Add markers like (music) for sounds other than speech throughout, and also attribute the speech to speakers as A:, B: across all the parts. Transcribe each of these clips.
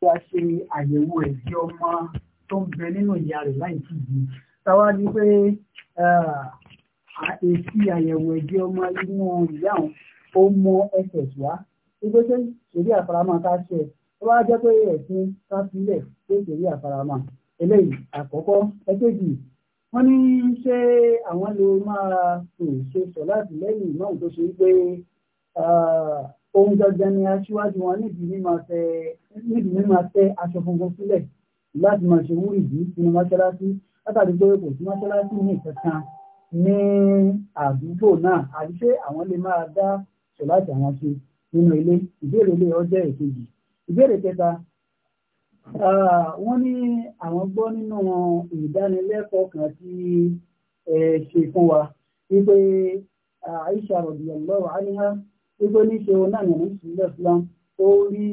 A: tí a ṣe àyẹ̀wò ẹ̀jẹ̀ ọmọ tó ń bẹ nínú ìyá rẹ̀ láì tí ì bí táwa ní pé èsì àyẹ̀wò ẹ̀jẹ̀ ọmọ inú ìyá òun ó mọ ẹsẹ̀ wá wípé ṣé ìṣèlú àfaramọ́ ká ṣe tó bá jẹ́ pé ẹ̀sìn ká sílẹ̀ ṣé ìṣèlú àfaramọ́ eléyìí àkọ́kọ́ ẹ̀kejì wọ́n ní ṣé àwọn lè máa hm, ṣe sọ láti lẹ́yìn náà tó ṣe wípé ohun gangan ni aṣíwájú wọn níbi mímọ tẹ aṣọ funfun sílẹ̀ láti máa ṣe wúrì yìí sínú mọ́ṣáláṣí látàrí pé kò sí mọ́ṣáláṣí ní ìkankan ní àdúgbò náà àti pé àwọn lè máa dá ṣọláṣí àwọn ṣe nínú ilé ìbéèrè ilé ọjọ́ ìkejì ìbéèrè kẹta wọ́n ní àwọn gbọ́ nínú ìdánilẹ́kọ̀ọ́ kan tí ṣe fún wa wípé Aisha radiyallahu anha gbogbo níṣe òun náà nìyẹn sílẹ̀ islam ó rí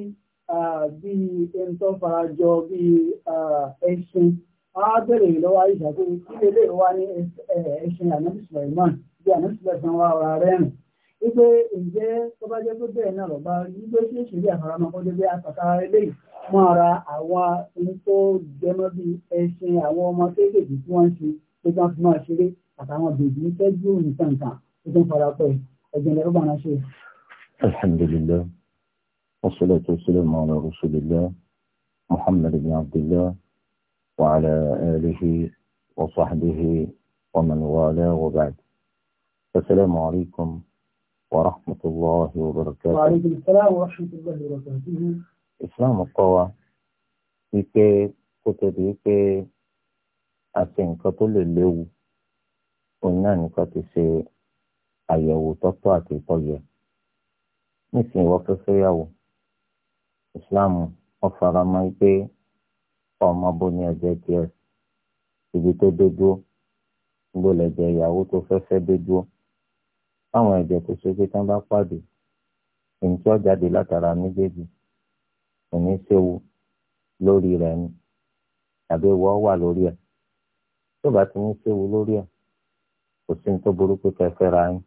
A: bí ẹni tó fara jọ bí ẹṣin á bèrè lọ́wọ́ àyíṣà pé kí lélẹ̀ wá ní ẹṣin anabi suleiman bí anabi suleiman wà ọ̀rá rẹ̀ rìn wípé ǹjẹ́ tó bá jẹ́ pé bẹ́ẹ̀ náà lọ́ba wípé ṣé ìṣèlú àfaramọ́ kó débé àtàkà eléyìí mọ́ ara àwọn ohun tó jẹmọ́ bí ẹṣin àwọn ọmọ kéékèèké tí wọ́n ń ṣe tó tán fi máa ṣeré àtàwọn bèbí tẹ́jú nǹkan nǹkan tó tún fara pẹ́ ẹ̀jẹ̀ lẹ́rú bàrà ṣe.
B: الحمد لله والصلاة والسلام على رسول الله محمد بن عبد الله وعلى آله وصحبه ومن والاه وبعد السلام عليكم ورحمة الله وبركاته وعليكم
A: السلام ورحمة الله وبركاته
B: إسلام القوى يكي كتب يكي أسين كتل اللو ونان كتسي أيو lè طيب nísìnyí wọ́n fẹ́ fẹ́yàwó islam wọ́n fara mọ́ pé ọmọ bó ni ẹ̀jẹ̀ tiẹ̀ ibi tó dé dúró gbogbo lẹ̀jẹ̀ ìyàwó tó fẹ́ fẹ́ dé dúró báwọn ẹ̀jẹ̀ tó ṣe pé tán bá pàdé èyí tí wọ́n jáde látara méjèèjì kò ní séwu lórí rẹ̀ ni tàbí wọ́n wà lórí ẹ̀ tó bá ti ní séwu lórí ẹ̀ kò sí ní tó burú pé kẹfẹ́ ra yín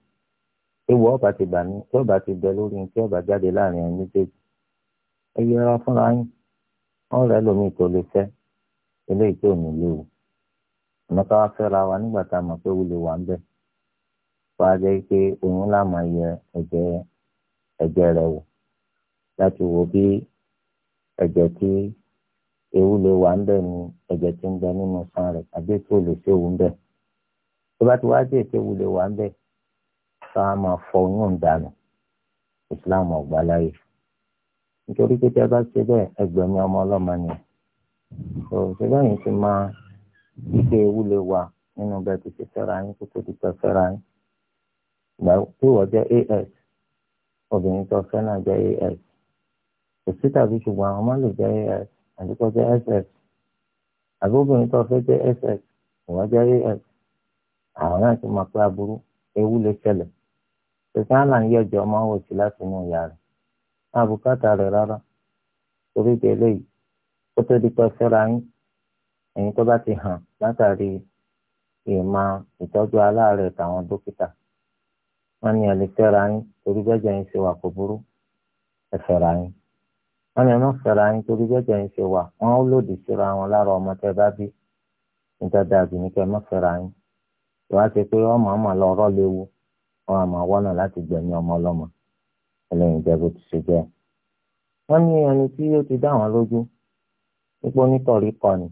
B: ewu ọba ti bà ní tí ọba ti bẹ lórí tí ọba jáde láàrin ẹni méjèèjì ẹ yẹra fúnra yín wọn rẹ lómi tó lè fẹ eléyìí tó ní léwu ọ̀nàká wa fẹ́ra wa nígbà tá a mọ̀ pé wúlò wà ń bẹ̀ wá jẹ́ pé òun là máa yẹ ẹ̀jẹ̀ ẹ̀jẹ̀ rẹ̀ wò láti wo bí ẹ̀jẹ̀ tí ewu lè wà ń bẹ̀ ni ẹ̀jẹ̀ tí ń bẹ nínú san rẹ̀ àbí tó lè ṣéwu ń bẹ̀ tó bá ti wá jẹ́ ìṣéwu lè wà ń bẹ̀ ká máa fọ dànù islam ọgbà láyè nítorí pé tẹ́ bá ṣe bẹ́ẹ̀ ẹgbẹ̀mí ọmọ ọlọ́mọ ni ò ṣe báyìí ti máa wípé ewu lè wà nínú bẹ́ẹ̀ ti ṣe fẹ́ra yín kó tó ti pẹ́ fẹ́ra yín ìgbà tí wọ́n jẹ́ as obìnrin tó fẹ́ náà jẹ́ as kò sí tàbí ṣùgbọ́n àwọn ọmọ lè jẹ́ as àti kó jẹ́ ss àbí obìnrin tó fẹ́ jẹ́ ss ìwọ́n jẹ́ as àwọn náà ti mọ̀ pé aburú ewu lè ṣẹlẹ̀ tẹ̀sánlá ń yọ̀jọ̀ ọmọ wò sí láti inú ìyá rẹ̀ máa rẹ̀ rárá torí ti eléyìí kó tó di pé fẹ́ra yín ẹ̀yin tó bá ti hàn látàrí ìmọ̀ ìtọ́jú aláàárẹ̀ tàwọn dókítà wọ́n ní ẹ fẹ́ra yín torí bẹ́jẹ̀ yín ṣe wà burú fẹ́ra yín wọ́n ní fẹ́ra yín wà wọ́n lòdì síra wọn lára ọmọ tẹ́ bá bí ní kẹ́ fẹ́ra yín ìwádìí pé ọmọ ọmọ lọ rọ́ wọn a máa wọ́nà láti gbẹ̀mí ọmọ ọlọ́mọ ẹlẹ́yìn jẹ́ bó ti ṣe jẹ́. wọ́n ní ẹni tí ó ti dá wọn lójú nípa onítọ̀rí kọ ni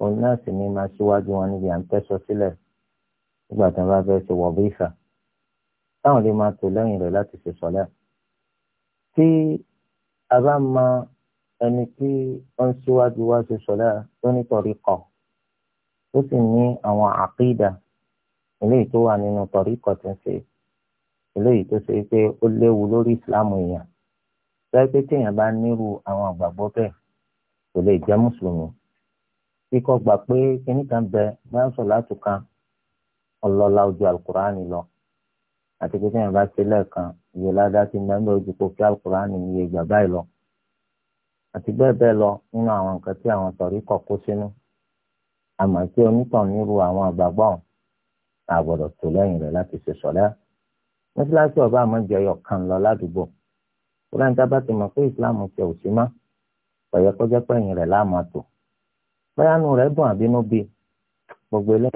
B: òun náà sì ní máa ṣíwájú wọn níbi à ń tẹ́sọ sílẹ̀ nígbà tí wọ́n bá fẹ́ ṣe wọ̀bí ìfà táwọn lè máa tò lẹ́yìn rẹ̀ láti ṣe sọ́lẹ̀. tí a bá mọ ẹni tí ó ń ṣíwájú wá ṣe sọ́lẹ̀ onítọ̀rí kọ ó sì ní àwọn àkídà eléyìí tó wà nínú tọ̀ríkọ̀ tó ń ṣe eléyìí tó ṣe pé ó léwu lórí ìsìláàmù èèyàn sọ́yẹ́ pé téèyàn bá nírú àwọn àgbàgbọ́ bẹ́ẹ̀ kò lè jẹ́ mùsùlùmí kíkọ́ gbà pé kíní kan bẹ báyọ̀ sọ̀ látù kan ọlọ́lá ojú alukur'ani lọ àti pé téèyàn bá ṣe lẹ́ẹ̀kan iye ládàá ti mẹ́rin lójú kó kí alukur'ani iye ìgbà báyìí lọ àti bẹ́ẹ̀ bẹ́ẹ̀ lọ nínú àwọn nǹkan tí àwọn tọ̀ríkọ̀ kó sínú àmọ́ tí onítàn nírú àwọn àgbàgbọ́ ọ̀hún àgbọ̀dọ̀ tó lẹ́yìn rẹ̀ láti ṣe sọ̀lá mọ́sálásí ọba àmọ́jẹ ẹyọ kan lọ ládùúgbò fúláńtà bá ti mọ̀ pé ìsìláàmù tẹ ò sí mọ́ ọ̀yẹ́ kọjá pẹ̀yìn rẹ̀ láàmú àtò báyánú rẹ̀ dùn àbínú bí gbogbo eléyìí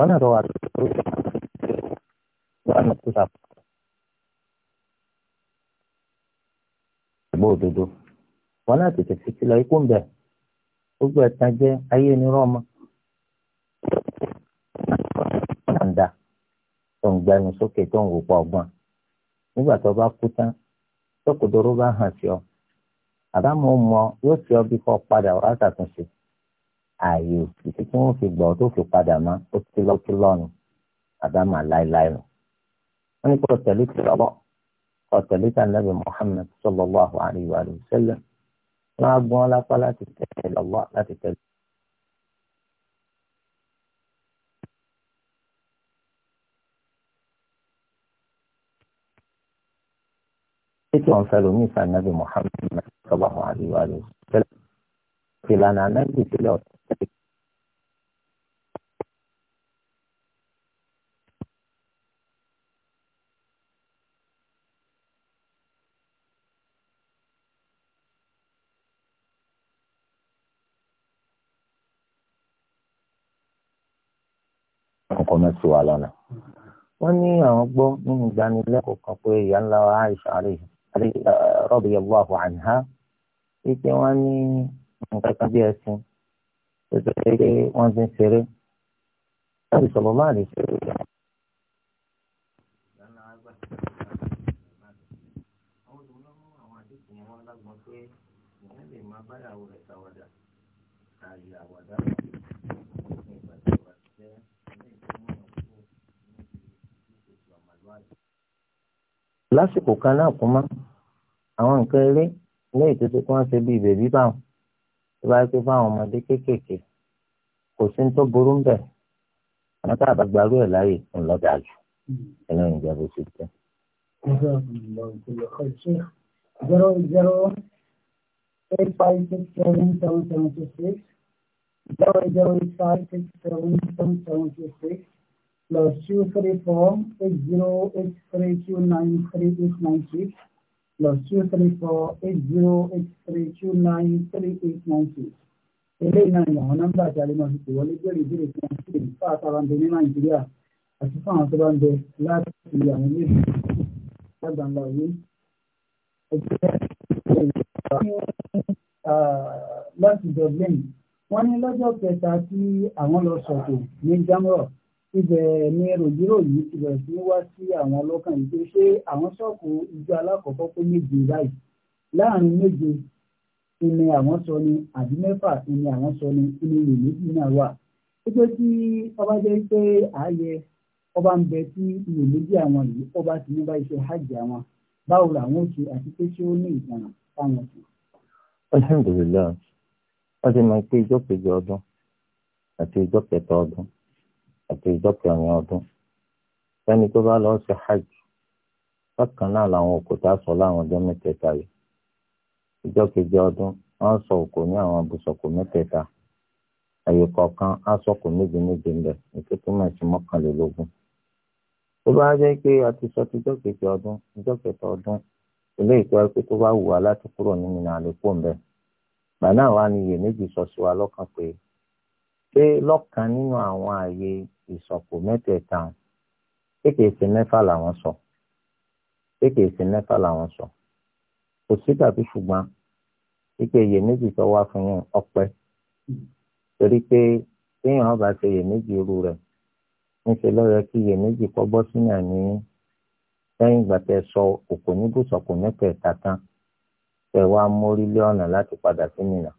A: Juan arroba ṣùgbọ́n
B: òdodo wọn láti tètè sílẹ̀ ikú ń bẹ̀ gbogbo ẹ̀tàn jẹ́ ayé ni rọ́ọ̀mù náà tó ń gbẹnu sókè tó ń wò pa nígbà tó bá kú tán bá hàn sí ọ àbámu mọ yóò sí ọ bí kò padà ààyè òkè tí wọ́n fi gbọ́ tó fi padà mọ́ ó ti lọ́ tó lọ́nu àdámà láéláé nù. wọ́n ní kó tẹ̀lé ti rọ́bọ̀ kó tẹ̀lé tà nàbì Muhammad sallallahu alayhi wa sallam wọ́n á gbọ́n lápá láti tẹ̀lé lọ́wọ́ láti tẹ̀lé. Títí wọn fẹ́ lómi ìfànàbì Muhammad sallallahu alayhi wa sallam ìlànà anábì sílẹ̀ ọ̀tún. kọ́ mẹ́sì wà lọ́nà. wọ́n ní àwọn gbọ́ nínú ìdánilẹ́kọ̀ọ́ kan pé ìyá ńlá wa Aisha rẹ̀ rọ́bìyàwó àhùn àìhá wípé wọ́n ní nǹkan kan bí ẹṣin tó jẹ́ pé wọ́n ti ń ṣeré láti sọ̀rọ̀ máa lè ṣeré rẹ̀. báyàwó rẹ̀ ṣàwádà àyè àwàdà lásìkò kan náà kún mọ́ àwọn nǹkan eré lẹ́yìn tó ti kún wá ṣe bíi bèbí báwọn tó bá pé fún ọmọdé kéékèèké kò sí ní tó burú ń bẹ̀ àwọn tá a bá gbarú ẹ̀ láàyè ń lọ dà jù ẹ̀yìn ìjà bó ṣe jẹ́.
A: zero zero eight five six two six zero zero eight five six seven seven seven two six plus two three four eight zero eight three two nine three eight nine six. plus two three zero eight three two nine three eight nine six eléyìí náà ni àwọn nọ́mbà àti àlejò àti ìwọlé bẹ̀rẹ̀ ìbéèrè tí wọ́n ti fà àtàrà ń bẹ ní nàìjíríà àti fún àwọn tó bá ń bẹ láti àwọn ilé ìgbìmọ̀ lágbàńlá òye ẹgbẹ́ láti dublin wọ́n ní lọ́jọ́ kẹta tí àwọn lọ sọ̀tò ní jamrock ibẹ̀ ni rògbòrògbò ti bẹ̀rẹ̀ sí wá sí àwọn ọlọ́kàn yìí pé ṣé àwọn ṣọ́ọ̀kù ìjọ alákọ̀ọ́kọ́ pé méje báyìí láàrin méje ìní àwọn sọ ni àbí mẹ́fà ìní àwọn sọ ni ìní ìrèméjì náà wà pípé tí ọba jẹ́ pé ààyè ọba ń bẹ tí ìrèméjì àwọn yìí ọba ti ní bá iṣẹ́ hajj àwọn báwo làwọn oṣù àti pé ṣé ó ní ìtàn táwọn sùn.
B: alhamdulilayi wọ́n ti máa ń pé ìjọ kejì ọdún àti ìjọ kẹta ọdún àti ìjọ kẹrin ọdún sẹ́ni tó bá lọ ṣe hajj bákan náà làwọn sọ láwọn ọjọ́ mẹ́tẹ̀ẹ̀ta yìí ìjọ kejì ọdún wọ́n sọ òkò ní àwọn abùsọ̀kò mẹ́tẹ̀ẹ̀ta àyè kọ̀ọ̀kan á sọ̀kò méje méje ńlẹ̀ tó máa ṣe mọ́kànlélógún tó bá jẹ́ pé a ti sọ ti ìjọ kejì ọdún ìjọ kẹta ọdún ilé ìtọ́ tó bá wù wá láti kúrò nínú ìsọ̀kò mẹ́tẹ̀ẹ̀ta hàn kéèké sí mẹ́fà làwọn sọ kéèké sí mẹ́fà làwọn sọ kò sí tàbí ṣùgbọ́n wípé iyèméjì tó wá fún yín ọpẹ́ torí pé téèyàn bá ṣe iyèméjì irú rẹ̀ níṣẹ́ ló yẹ kí iyèméjì kọ́ bọ́ sínú àní lẹ́yìn ìgbà tẹ́ sọ òkò níbùsọ̀kò mẹ́tẹ̀ẹ̀ta tán tẹ́ wá mórí lé ọ̀nà láti padà sí Mínà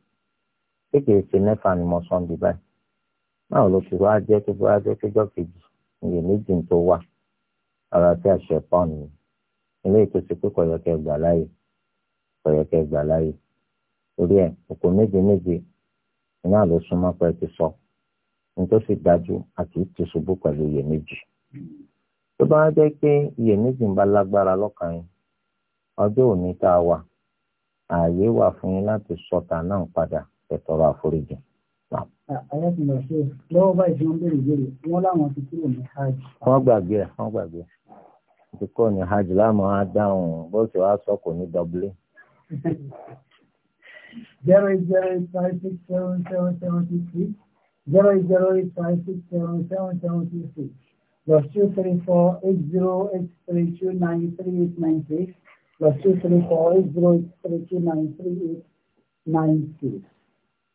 B: kéèké sí mẹ́fà ni mo sọ ń bí báyìí. báwo ló ti wá jẹ́ tó wá jẹ́ kejì ara tí a pọ́n ni ilé ìtòsí pé kọ̀yọ̀kẹ́ gbà láàyè kọ̀yọ̀kẹ́ gbà láàyè torí ẹ̀ òkò méje méje iná ló súnmọ́ pé ti sọ ní tó sì dájú àti ti ṣubú pẹ̀lú iye méjì tó bá jẹ́ pé iye méjì ń bá lágbára lọ́kàn yín ọjọ́ òní tá a wà ààyè wà fún yín láti sọ tà náà padà àforíjì.
A: ayatollah ṣe lọ́wọ́ báyìí tí wọ́n béèrè ìbéèrè wọ́n láwọn ti kúrò ní hajj.
B: wọ́n gbàgbé ẹ̀ wọ́n gbàgbé ẹ̀ ti kúrò ní hajj láàmú á dáhùn bó ṣe ní dọ́bílé.
A: (laughs) zero zero five six seven seven seven six six zero zero five six seven seven seven six six plus two three four eight zero eight three two nine three eight nine six plus two three four eight zero eight three two nine three eight nine six.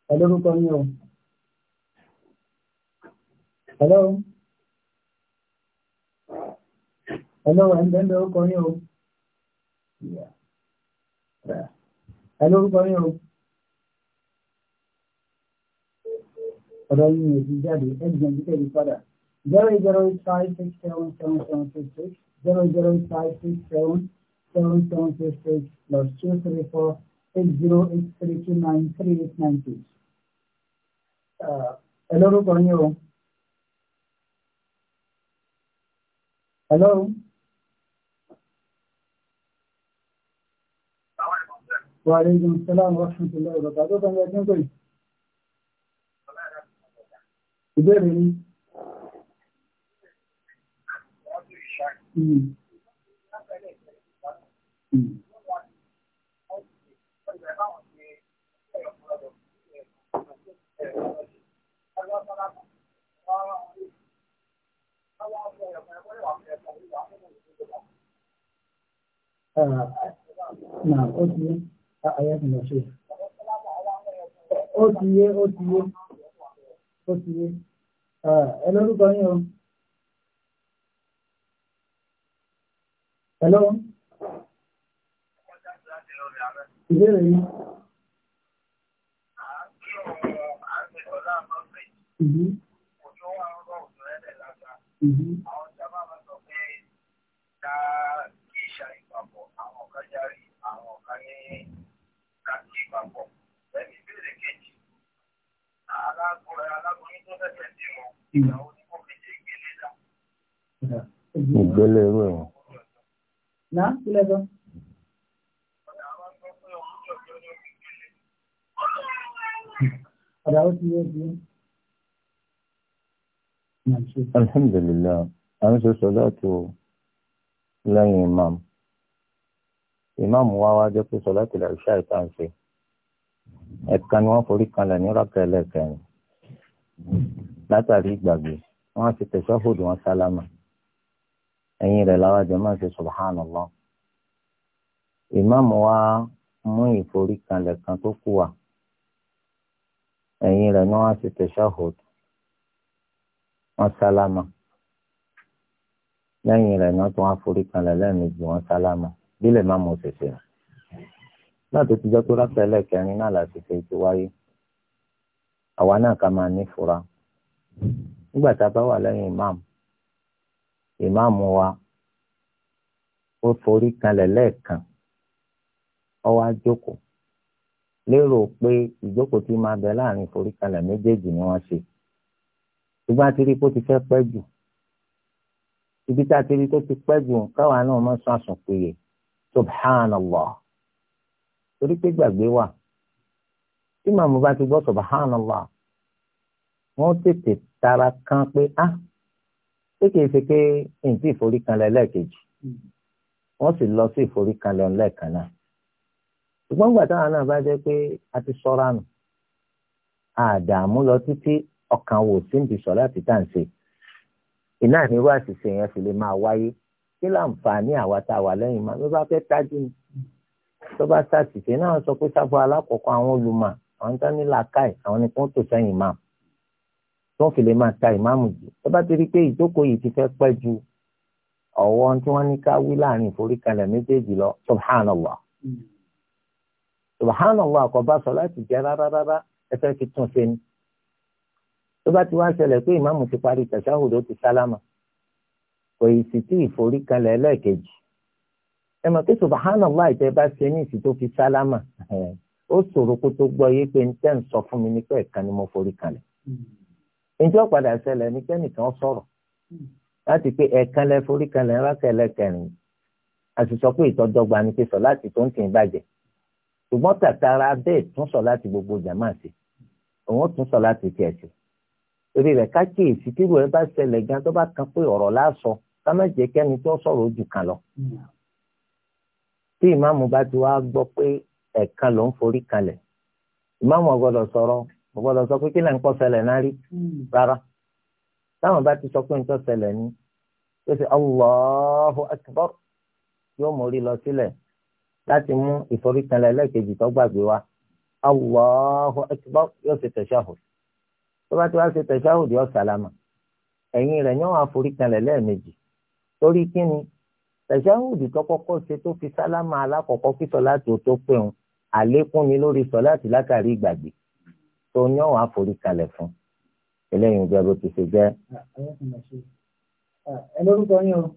A: ẹ lórúkọ yín o. Hello? Hello, hello, कौन हो? you? Yeah. Hello, कौन हो? Rolling is Jabby, Edgen, Jabby, Pada. 00856777766, 00856777766, plus 234 8083293896. Uh, hello, कौन हो? Hello. Wa alaikum assalam wa rahmatullahi wa barakatuh. Tọ́ta ní ẹgbẹ́ pẹ̀lú. Ìbéèrè ni. Thank you. Hmm. Hmm. Náà ó ti yé, ayé ti lọ ṣe. Ó ti yé, O ti yé, ó ti yé. Ẹ lórúkọ yín Hello. Ìbéèrè yín. Mm-hmm. Mm-hmm. àwọn sábà máa sọ pé ká kí ìṣàyìn papọ̀ àwọn kan járí àwọn kan ní ká kí papọ̀ lẹ́nu ìbéèrè kejì alákùnrin alákùnrin tó fẹ̀sẹ̀ sí wọn ìyàwó ní kò kéde ìgbélé dá. ìgbélé irú ẹ̀wọ̀n. ná kílẹ̀ gan. ọ̀dà ó ti yẹ ti yẹ
B: alhamdulilayi à ń ṣe sọláàtù lẹ́yìn imam imam wa wá jẹ́ pé sọláàtù làṣà ìtànṣe ẹ̀ka ni wọ́n forí kanlẹ̀ ní rákà ẹlẹ́kẹrin látàrí ìgbàgbé wọ́n ti tẹ̀síọ́fòdù wọn sálámà ẹ̀yìn rẹ̀ làwọn àjọ máa ń ṣe subhanallah imam wa mú ìforí kanlẹ̀ kan tó kù wá ẹ̀yìn rẹ̀ ni wọ́n ti tẹ̀síọ́fòdù wọ́n sálámà lẹ́yìn rẹ̀ náà tó wọ́n forí kanlẹ̀ lẹ́ẹ̀mejì wọ́n sálámà bílẹ̀ má mọ̀ ṣẹ̀ṣẹ̀ rẹ̀ náà tó ti jẹ́ pé rákà ẹlẹ́kẹrin náà láti ṣe ti wáyé àwa náà ká máa nífura nígbà tá a bá wà lẹ́yìn ìmáàmù ìmáàmù wa ó forí kanlẹ̀ lẹ́ẹ̀kan ó wá jókòó lérò pé ìjókòó tí máa bẹ láàrin forí kanlẹ̀ méjèèjì ni wọ́n ṣe ṣùgbọ́n a ti rí i kó ti fẹ́ pẹ́ jù ibi tá a ti rí i kó ti pẹ́ jù káwa náà má sún àsùnpìyè subhanallah torí pé gbàgbé wà tí màmú bá ti gbọ́ subhanallah wọ́n tètè tara kan pé ah pé kìí ṣe pé nǹkan ìforíkanlẹ̀ lẹ́ẹ̀kejì wọ́n sì lọ sí ìforíkanlẹ̀ lẹ́ẹ̀kan náà ṣùgbọ́n gbàtà náà bá jẹ́ pé a ti sọ́ra nù àdààmú lọ títí ọkàn wò sí ibi sọ láti tà ń ṣe iná ìnírú àṣìṣe yẹn fi lè máa wáyé kí láǹfààní àwa tá a wà lẹ́yìn máa ló bá fẹ́ tájú ni tó bá ṣàṣìṣe náà sọ pé sáfù alákọ̀ọ́kọ́ àwọn olùmọ̀ àwọn tó ní làákàyè àwọn ni kò tó sẹ́yìn máa tó ń fi lè máa ta ìmáàmù jù tó bá ti rí i pé ìjókòó yìí ti fẹ́ pẹ́ ju ọ̀wọ́ tí wọ́n ní ká wí láàrin ìforíkalẹ̀ méjèèjì lọ subhanallah mm. subhanallah kò bá sọ láti jẹ́ rárá rárá ẹ fẹ́ fi tún ṣe ni tó bá ti wá ṣẹlẹ̀ pé ìmáàmù ti parí tàṣáhùdù ó ti sálámà kò ì sì tí ìforíkanlẹ̀ ẹlẹ́ẹ̀kejì ẹ mọ̀ pé subhanallah ìtẹ́ bá ṣe ní ìsìn tó fi sálámà ó ṣòro kó tó gbọ́ yé pé tẹ́ ń sọ fún mi ní pé ẹ̀kan ni mo forí kanlẹ̀ ìjọ padà ṣẹlẹ̀ ní kẹ́nìkan sọ̀rọ̀ láti pé ẹ̀kan lẹ forí kanlẹ̀ rákẹ́lẹ̀ kẹrin àti sọ pé ìtọ́jọ́gba ni pé láti tó ń tì í bàjẹ́ ṣùgbọ́n tàtàrà bẹ́ẹ̀ tún sọ láti gbogbo jàmáà òun tún sọ láti tiẹ̀ sí torí rẹ̀ ká kíyèsí tí ìròyìn bá ṣẹlẹ̀ gan tó bá kan pé ọ̀rọ̀ lásọ ká má jẹ́ kẹ́ni tó sọ̀rọ̀ ojú kan lọ. tí ìmáàmù bá ti wá gbọ́ pé ẹ̀ẹ̀kan ló ń forí kalẹ̀ ìmáàmù ọ̀gbọ́dọ̀ sọ̀rọ̀ ọ̀gbọ́dọ̀ sọ pé kí lẹ́ ń kọ́ ṣẹlẹ̀ náà rí rárá táwọn bá ti sọ pé ń tọ́ ṣẹlẹ̀ ni ó ṣe Allahu Akbar yóò mórí lọ sílẹ̀ láti mú ìforíkanlẹ̀ lẹ́ẹ̀kejì tó gbàgbé wa Allahu Akbar yóò ṣe tashahhud tó bá ti wá ṣe tẹ̀síáhùdì ọ̀sálámà ẹ̀yìn rẹ̀ yóò wá forí kanlẹ̀ lẹ́ẹ̀mejì torí kí ni tẹ̀síáhùdì tó kọ́kọ́ ṣe tó fi sálámà alákọ̀ọ́kọ́ kí sọ̀láàtì tó pé òun àlékún ni lórí sọ̀láàtì látàrí ìgbàgbé tó yóò wá forí kanlẹ̀ fún eléyìí ìjọba bó ti ṣe jẹ́.
A: ẹ lórúkọ yín o.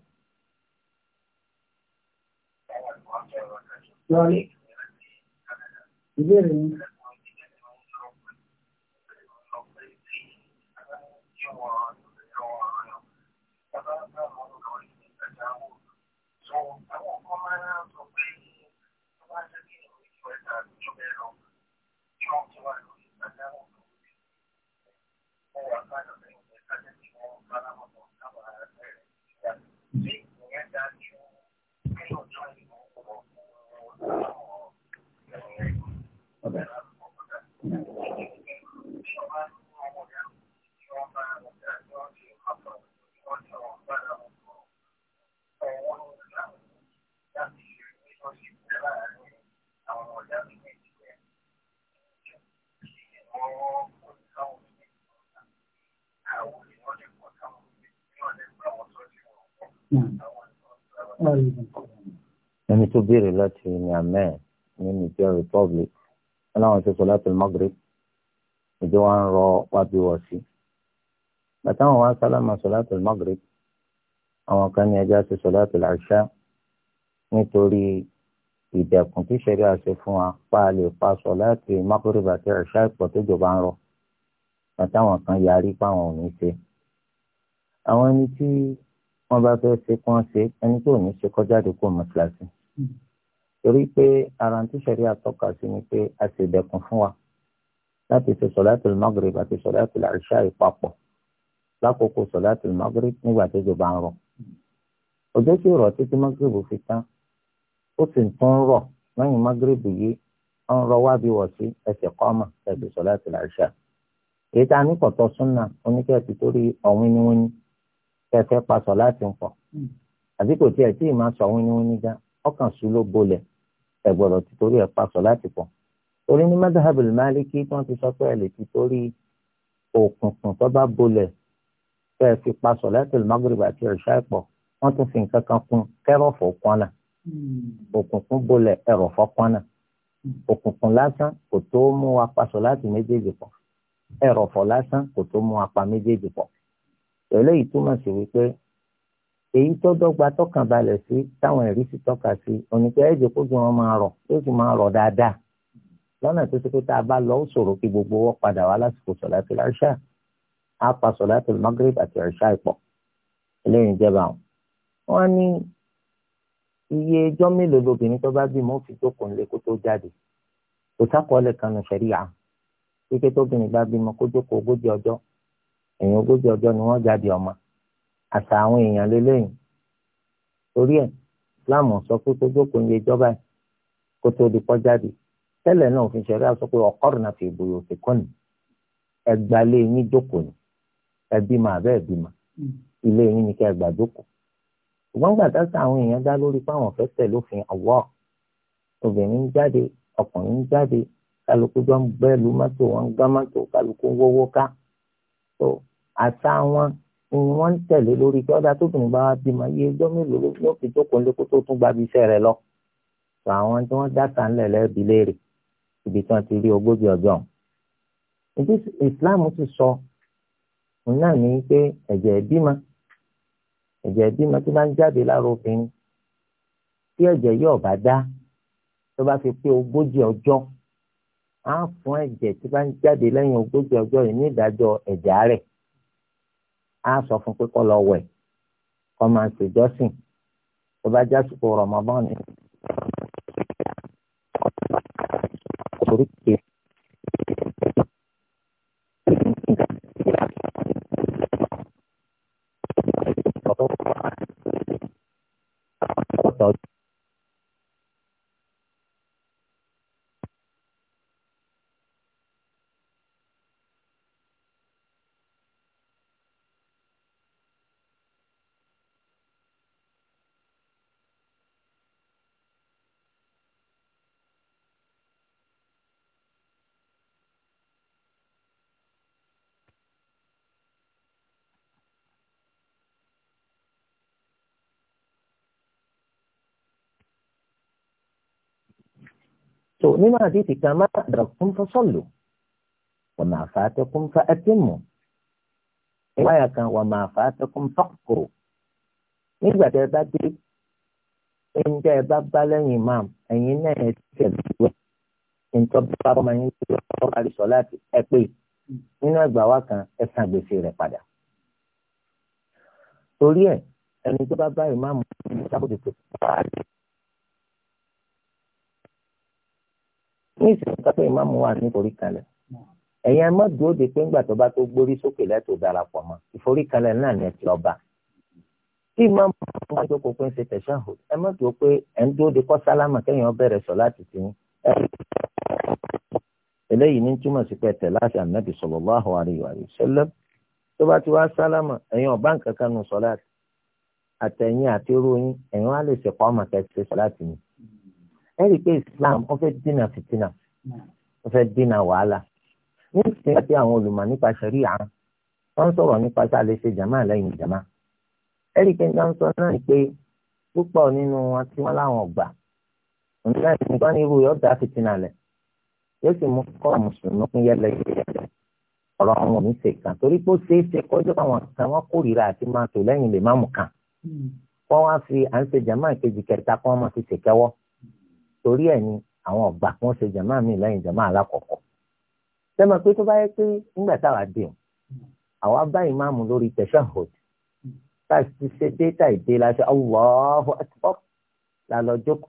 A: ìbéèrè yín. Sí.
B: béèrè láti Niamey ní Niger Republic aláwọn ṣe solatul Maghrib ìjọ wa ń rọ wá bí wọ́n sí bàtà àwọn wa sálámà solatul Maghrib àwọn kan ní ẹja ṣe solatul Isha nítorí ìdẹ̀kùn tí ṣẹ̀rí àṣẹ fún wa pa lè pa solatul Maghrib àti Isha ìpọ̀ tó jọba ń rọ bàtà kan yarí páwọn ò ṣe àwọn ẹni tí wọ́n bá fẹ́ ṣe kí wọ́n ṣe ẹni tó ní ṣe kọjá àdókò mọ́ṣáláṣí torí pé ara tí sẹ̀rí àtọ́ka sí ni pé a sì dẹ̀kun fún wa láti ṣe sọ̀láàtìl magrib àti sọ̀láàtìl àṣà ìpapọ̀ lákòókò sọ̀láàtìl magrib nígbà tó jọba ń rọ̀ òjò sì rọ̀ títí magrib fi tán ó sì tún rọ̀ lẹ́yìn magrib yìí ó ń rọ wá bí wọ̀ sí ẹsẹ̀ kọ́mà ẹ̀sẹ̀ sọ̀láàtìl àṣà èyí tá a ní pọ̀tọ́ súnà oníkẹ́ẹ̀tì torí ọ̀wíníwíní kẹfẹ́ pa sọ̀láàtì ń pọ̀ hmm. àbí kò tiẹ̀ tí ì máa sọ ọ̀wíníwíní gan ọkàn sùn ló bolẹ̀ ẹ gbọ́dọ̀ ti torí ẹ̀ pasọ láti pọ̀ torí ní madhabil maliki tí wọ́n ti sọ pé ẹ lè ti torí òkùnkùn tó bá bolẹ̀ kẹ́ ẹ fi pasọ láti magrib àti ìṣá ìpọ̀ wọ́n tún fi nǹkan kan kún kẹ́rọ̀fọ̀ kọ́nà
A: hmm.
B: òkùnkùn bolẹ̀ ẹ̀rọ̀fọ̀ kọ́nà hmm. òkùnkùn lásán kò tó mú wa pasọ láti méjèèjì pọ̀ ẹ̀rọ̀fọ̀ lásán kò tó mú wa pa méjèèjì pọ̀ eléyìí túmọ̀ sí wípé èyí tó dọ́gba tọkàn balẹ̀ sí táwọn ẹ̀rí sì tọ́ka sí oníkẹ́ ẹ̀jẹ̀ kó ju wọn máa rọ̀ tó sì máa rọ̀ dáadáa lọ́nà tó ṣe pé tá a bá lọ ó ṣòro kí gbogbo wọn padà wá lásìkò sọ̀láṣẹ́ láṣà á pa sọ̀láṣẹ́ magreth àti ẹ̀ṣà ìpọ̀ eléyìí jẹba wọn. wọ́n ní iye ẹjọ́ mélòó lobìnrin tó bá bímọ fi jókòó nílé kó tó jáde kò sákọọ́lẹ̀ kan nù ṣẹ̀ríà kíkẹ́ tóbìnrin bá bímọ kó jókòó ogójì ọjọ́ èèyàn ogójì ọjọ́ ni wọ́n jáde ọmọ àtàwọn èèyàn lélẹ́yìn torí ẹ̀ láàmú sọ pé kó jókòó ń yẹ ìjọba ẹ̀ kó tó di kọjáde tẹ́lẹ̀ náà òfin ṣẹ̀rí àsọ pé ọ̀kọ́rùn náà fi ìbòyè òfin kọ́ ni ẹgbàálé yín jókòó ni ẹbí mà bẹ́ẹ̀ bí mà ilé yín ni kẹ́ ẹ gbà jókòó ṣùgbọ́n gbàtà sí àwọn èèyàn dá lórí pé àwọn fẹ́ tẹ̀ lófin àwọ̀ obìnrin ń jáde ọkùnrin ń jáde kálukú jọ ń gbẹ́lu mọ́tò wọn ń gá mọ́tò kálukú ń wọ́wọ́ ká tó àtàwọn òun wọ́n ń tẹ̀lé lórí pé ọ̀dà tóbìnrin bá wá bímọ iye ọjọ́ mélòó ló fi jókòó lé kó tó tún gba ibi iṣẹ́ rẹ lọ. sọ àwọn tí wọ́n dáta ńlẹ̀ lẹ́bi léèrè ibi tí wọ́n ti rí ogójì ọjọ́ ìdí Islam ti sọ òun náà ní pé ẹ̀jẹ̀ ìbímọ ẹ̀jẹ̀ ìbímọ tí máa ń jáde lára obìnrin tí ẹ̀jẹ̀ yóò bá dá tó bá fi pé ogójì ọjọ́ á fún ẹ̀jẹ̀ tí bá ń jáde lẹ́yìn ogójì ọjọ́ yìí á sọ fún pé kó lọ wẹ̀ kó máa ṣèjọ́sìn tó bá jásìkò Ramadan ni.
A: tó nínú àdìsí kan má dàkún fọ́sọ́lù
B: wọ́n máa fà á tẹkún fà á tẹ̀mù ìwáyà kan wọ́n máa nígbà tẹ́ bá dé ẹnjẹ ẹ bá bá lẹ́yìn imam ẹ̀yin náà ẹ tẹ lùwẹ nǹkan bá bá ọmọ yín tó lọ kọ àlùsọ láti ẹ pé nínú ẹgbàá wa kan ẹ san gbèsè rẹ̀ padà torí ẹ ẹni tó bá bá imam sábòdì tó bá a lè. ní ìsìn kápẹ́ ìmáàmù wà nítorí kalẹ̀ ẹ̀yin ẹ má dúró de pé ńgbà tó bá tó gbórí sókè lẹ́tọ̀ọ́ darapọ̀ mọ́ ìforíkalẹ̀ náà ní ẹtì ọba tí ìmáàmù wọn tó kó pé ń ṣe tẹ̀sán hù ẹ má dúró pé ẹ̀ ń dúró de kọ́ sálámà kẹ́yìn ọ bẹ̀rẹ̀ sọ láti ti yín eléyìí ní túmọ̀ sí pé tẹ̀lé ànábì sallallahu alaihi wa sallam tó bá ti wá sálámà ẹ̀yin ọ̀bá nǹkan kan nù sọ̀láàtì àtẹ̀yìn àti ẹ rí i pé Islam ó fẹ́ dínà fìtínà ó fẹ́ dínà wàhálà ní ìsìn àti àwọn olùmọ̀ nípa ṣẹ̀ríà wọ́n ń sọ̀rọ̀ nípa tá a lè ṣe jàmá lẹ́yìn jàmá ẹ rí i pé ń dáhùn sọ náà pé púpọ̀ nínú wọn tí wọ́n láwọn gbà nígbà tí wọ́n ní irú yóò dá fìtínà lẹ̀ yóò sì mú kọ́ mùsùlùmí fún yẹlẹyẹlẹ ọ̀rọ̀ àwọn òní kan torí pé ó ṣeé ṣe kọjọ́ àwọn kan wọ́n kórìíra àti máa tò lẹ́yìn lè má kan hmm. wọ́n wá fi à ń ṣe jàmá ìkejì kẹta kí wọ́n máa fi ṣèkẹ́wọ́ torí ẹ̀ ni àwọn ọ̀gbà wọn ṣe jàmá mi lẹ́yìn jàmá alákọ̀ọ́kọ́ sẹ́mi pé tó bá yẹ pé nígbà táwa dé o àwa bá ìmáàmù lórí tashahhud tá a ti ṣe déta ìdè láti Allahu akbar la lọ jókòó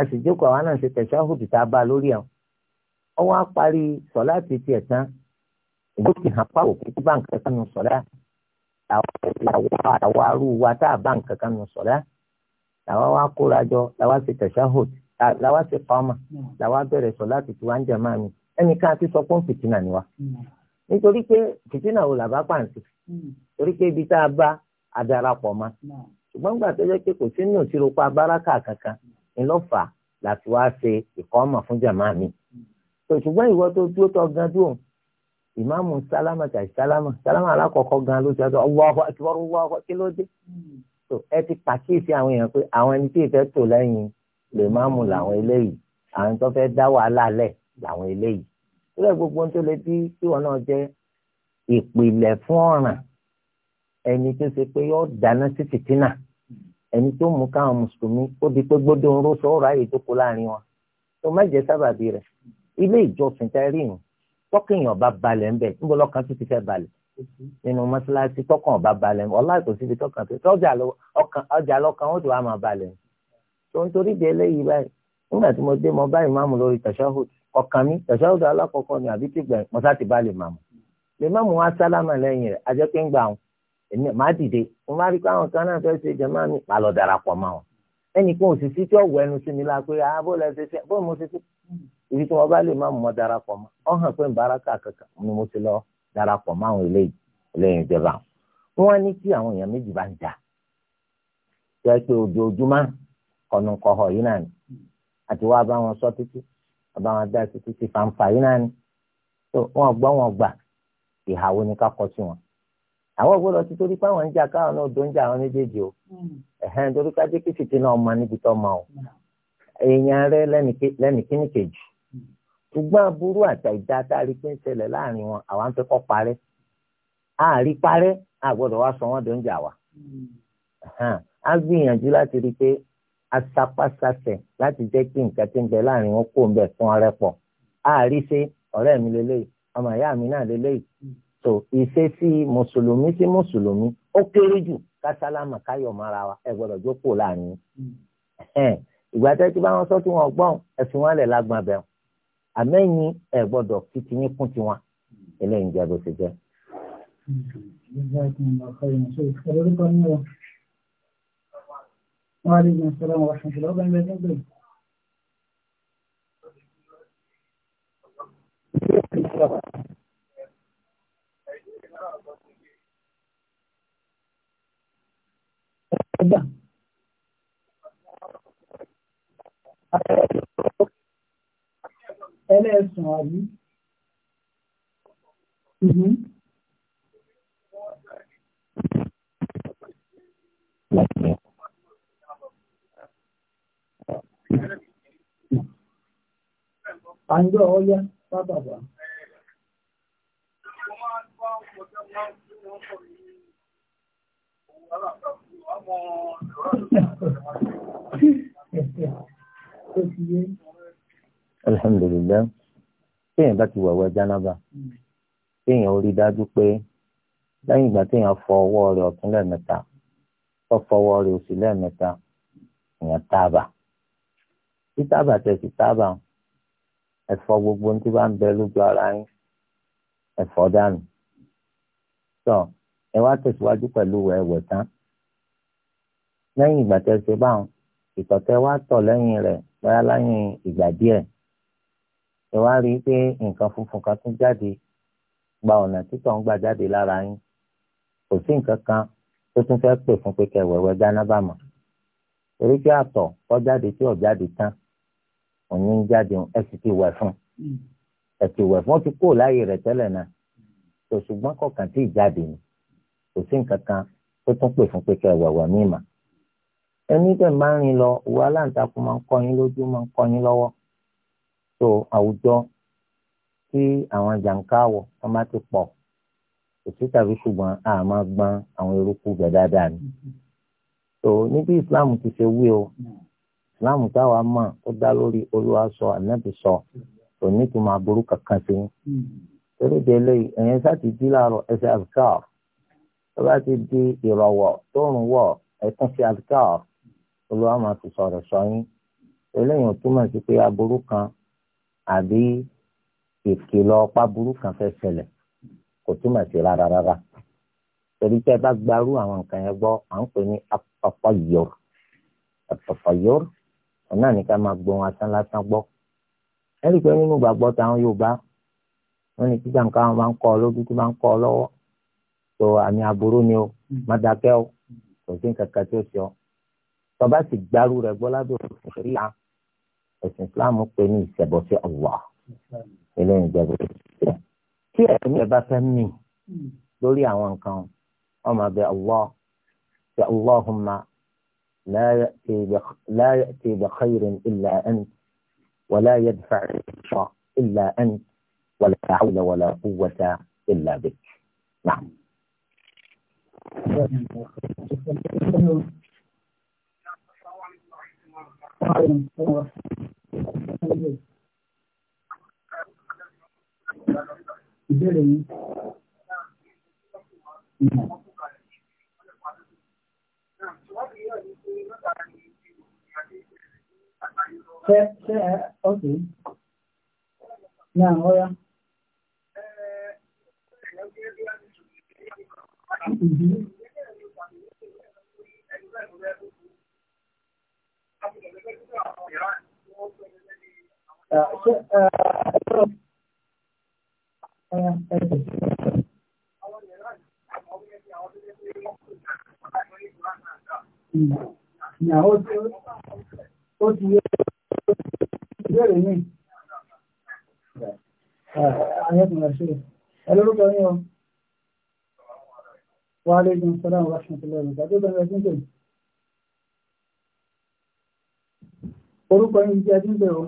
B: a sì jókòó àwa náà ṣe tashahhud tá a bá lórí ẹ̀ ọ wá parí sọ̀lá ti tiẹ̀ tán ìgbókè hàn pa òkú bá nǹkan kan nù sọ̀lá àwọn àwọn arúgbó wa tá a bá nǹkan kan nù sọ̀lá làwa wá kóra jọ làwa ṣe tashahhud làwa ṣe pamọ́ làwa bẹ̀rẹ̀ sọ láti tu wá ń jẹ máa mi ẹnìkan àti sọ pé fìtínà ni wa nítorí pé fìtínà wo làbá pàǹtí torí pé ibi tá a bá adarapọ̀ ma ṣùgbọ́n gbà tó jẹ́ pé kò sínú òṣìṣẹ́ pa báràkà kankan ńlọ́fà láti wá ṣe ìkọ́mọ̀ fún jàmáà mi ṣùgbọ́n ìwọ tó dúró tó gan dúró ìmáàmù sálámà tàì sálámà sálámà alákọ̀ọ́kọ́ gan ló ti ọdún ọwọ́ akíwọ́rọ́ tó ẹ ti pàkíyèsí àwọn èèyàn pé àwọn ẹni tí ìfẹ́ tò lẹ́yìn lè má mú làwọn eléyìí àwọn tó fẹ́ dá wàhálà lẹ̀ làwọn eléyìí síbẹ̀ gbogbo ohun tó lè bí kí wọn náà jẹ́ ìpìlẹ̀ fún ọ̀ràn ẹni tó ṣe pé yóò dáná sí fìtínà ẹni tó mú káwọn mùsùlùmí ó di pé gbódò ń rọṣọ ọ̀rọ̀ ayé tó kó láàrin wọn tó má jẹ́ sábàbí rẹ̀ ilé ìjọsìn tá rí yìí bá balẹ̀ ńbẹ níbo lọ́kàn tó ti fẹ́ balẹ̀ nínú mọ́ṣáláṣí tọkàn ọba balẹ̀ ọlá kò síbi tọkàn tó ọjà lọ́kàn ó ti wá máa balẹ̀ tó ń torí di eléyìí báyìí nígbà tí mo dé mo bá ìmáàmù lórí ọkàn mi alákọ̀ọ́kọ́ ni àbí tìgbà ti bá lè máàmù lè máàmù wá sálámà lẹ́yìn rẹ̀ ń gbà wọn èmi dìde mo rí pé àwọn kan náà ṣe mi lọ darapọ̀ mọ́ wọn ò sì sí tí ọ̀wọ́ ẹnu sí mi la pé ah bó lẹ ṣe ṣe bó mo ṣe ṣe ibi tí darapọ̀ mọ́ àwọn eléyìí eléyìí ìjọba wọn ní tí àwọn èèyàn méjì bá ń jà jẹ́ pé ojoojúmọ́ kọ̀nùkọ̀họ̀ yìí náà ni àti wá bá wọn sọ títí bá wọn dá sí títí fanfa yìí náà ni tó wọn gbọ́ wọn gbà ìhàwó ni ká kọ́ sí wọn àwọn gbọ́dọ̀ ti torí pé àwọn ń jà káwọn náà dóńjà àwọn méjèèjì o ẹ̀hẹ́n torí ká jẹ́ kí fìtínà ọmọ níbi tó ọmọ o èèyàn rẹ lẹ́nìkíní ṣùgbọ́n aburú àti àìdá tá a rí pé ń ṣẹlẹ̀ láàrin wọn àwa ń fẹ́ kọ́ parẹ́ àárí parẹ́ àgbọ̀dọ̀ wá sọ wọ́n dóúnjẹ àwa. a gbìyànjú láti rí i pé asapasasẹ̀ láti jẹ́ kí nǹkan tí ń bẹ láàrin wọn kó ń bẹ fún ọ̀rẹ́ pọ̀ àárí ṣe ọ̀rẹ́ mi lélẹ́yìí ọmọ ìyá mi náà lélẹ́yìí tó ìṣesí mùsùlùmí sí mùsùlùmí ó kéré jù kásálámà káyọ̀ mọ́ra wa ẹ gbọ́dọ̀ jókòó láàrin. ìgbà tẹ́tí bá wọn sọ tí wọn gbọ́n ẹ̀sìn wọn lẹ̀ lágbọ́n bẹ́ẹ̀ àmẹ́yìn ẹ̀ gbọ́dọ̀ fi tiyín kún tiwọn eléyìí ń jẹ́ bó ṣe jẹ́.
A: Thank you ẹlẹ́sàn àbí mhm. àjọ ọyá sábàbà Thank you
B: alhamdulilayi téèyàn bá ti wẹ̀wẹ̀ jánábà téèyàn ó rí dájú pé lẹ́yìn ìgbà téèyàn fọ ọwọ́ rẹ̀ ọ̀tún lẹ́ẹ̀mẹ́ta tó fọwọ́ rẹ̀ òsì lẹ́ẹ̀mẹ́ta èèyàn tábà tí tábà tẹ̀sí tábà ẹ fọ gbogbo ní tí bá ń bẹ lójú ara yín ẹ dànù tó ẹ wá tẹ̀síwájú pẹ̀lú ẹ̀wẹ̀ tán lẹ́yìn ìgbà tẹ̀sí báwọn ìtọ̀tẹ̀ wá tọ̀ lẹ́yìn rẹ̀ bóyá lẹ́yìn ìgbà díẹ̀ ẹ wá rí i pé nǹkan funfun kan tún jáde gba ọ̀nà títọ̀ ń gbà jáde lára yín kò sí nǹkan kan tó tún fẹ́ pè fún pé kẹwẹ̀wẹ̀ jánábà mọ́ torí pé àtọ̀ kọ́ jáde tí ò jáde tán òní ń jáde ẹ sì ti wẹ̀ fún ẹ ti wẹ̀ fún ó ti kó láàyè rẹ̀ tẹ́lẹ̀ náà kò ṣùgbọ́n kọ̀ọ̀kan tí ì ni kò sí nǹkan kan tó tún pè fún pé kẹwẹ̀wẹ̀ míì mà ẹni tẹ̀ máa ń rìn lọ ìwà aláǹtakùn máa ń kọ́ yín lójú máa ń kọ́ yín lọ́wọ́ so àwùjọ tí àwọn jàǹkáwọ̀ wọ́n bá ti pọ̀ òtí tàbí ṣùgbọ́n a máa gbọ́n àwọn eruku bẹ̀ dáadáa ni. so níbi islam ti ṣe wí o islam táwa mọ̀ ó dá lórí olúwa sọ ànábì sọ kò ní tó máa burú kankan sí i. torí délé ẹ̀yẹn sáti jí láàárọ̀ ẹsẹ̀ azkar tó bá ti di ìrọ̀wọ̀ tó ń wọ̀ ẹ̀tún sí azkar olúwa máa fi sọ̀rọ̀ sọ yín eléyìí ò túmọ̀ sí pé aburú kan àbí ìkìlọ̀ ọpá burú kan fẹ́ ṣẹlẹ̀ kò túmọ̀ sí rárá rárá torí tẹ́ bá gbarú àwọn nǹkan yẹn gbọ́ à ń pè ní atọ́fọ̀yọ́r atọ́fọ̀yọ́r ọ̀nà ní ká máa gbọ́n asán lásán gbọ́ ẹ rí i pé nínú ìgbàgbọ́ táwọn Yorùbá wọn ni títà nǹkan máa ń kọ́ ọ lójú tó máa ń kọ́ ọ lọ́wọ́ tó àmì aburú ni o má dákẹ́ o kò sí nǹkan kan tí ó ṣe ọ tọba sì gbarú rẹ gbọ́ lábẹ́ òfin ẹ̀sìn islam pé ní ìṣẹ̀bọ̀ sí Allah eléyìí jẹ́bù rẹ̀ tí ẹ̀mí ẹ̀ bá fẹ́ mì lórí àwọn nǹkan ọmọ abẹ Allah ya Allahumma la ya'ti bi khayrin illa ant wa la yadfa'u sharra illa ant wa la hawla wa la quwwata illa bik. Na'am.
A: Thank you. ìbéèrè yìí. Ṣé ṣé ẹ ọ̀kì? Náà ọ̀yá. Mm-hmm. Ìyàwó tí ó ti yẹ ìbéèrè yìí. Àyẹ́kùnrin ṣe. Ẹ lórúkọ yín o. Wa alaikum salaam wa rahmatullahi wa barakatuh. Orúkọ yín jẹ́ Adúgbẹ̀ o.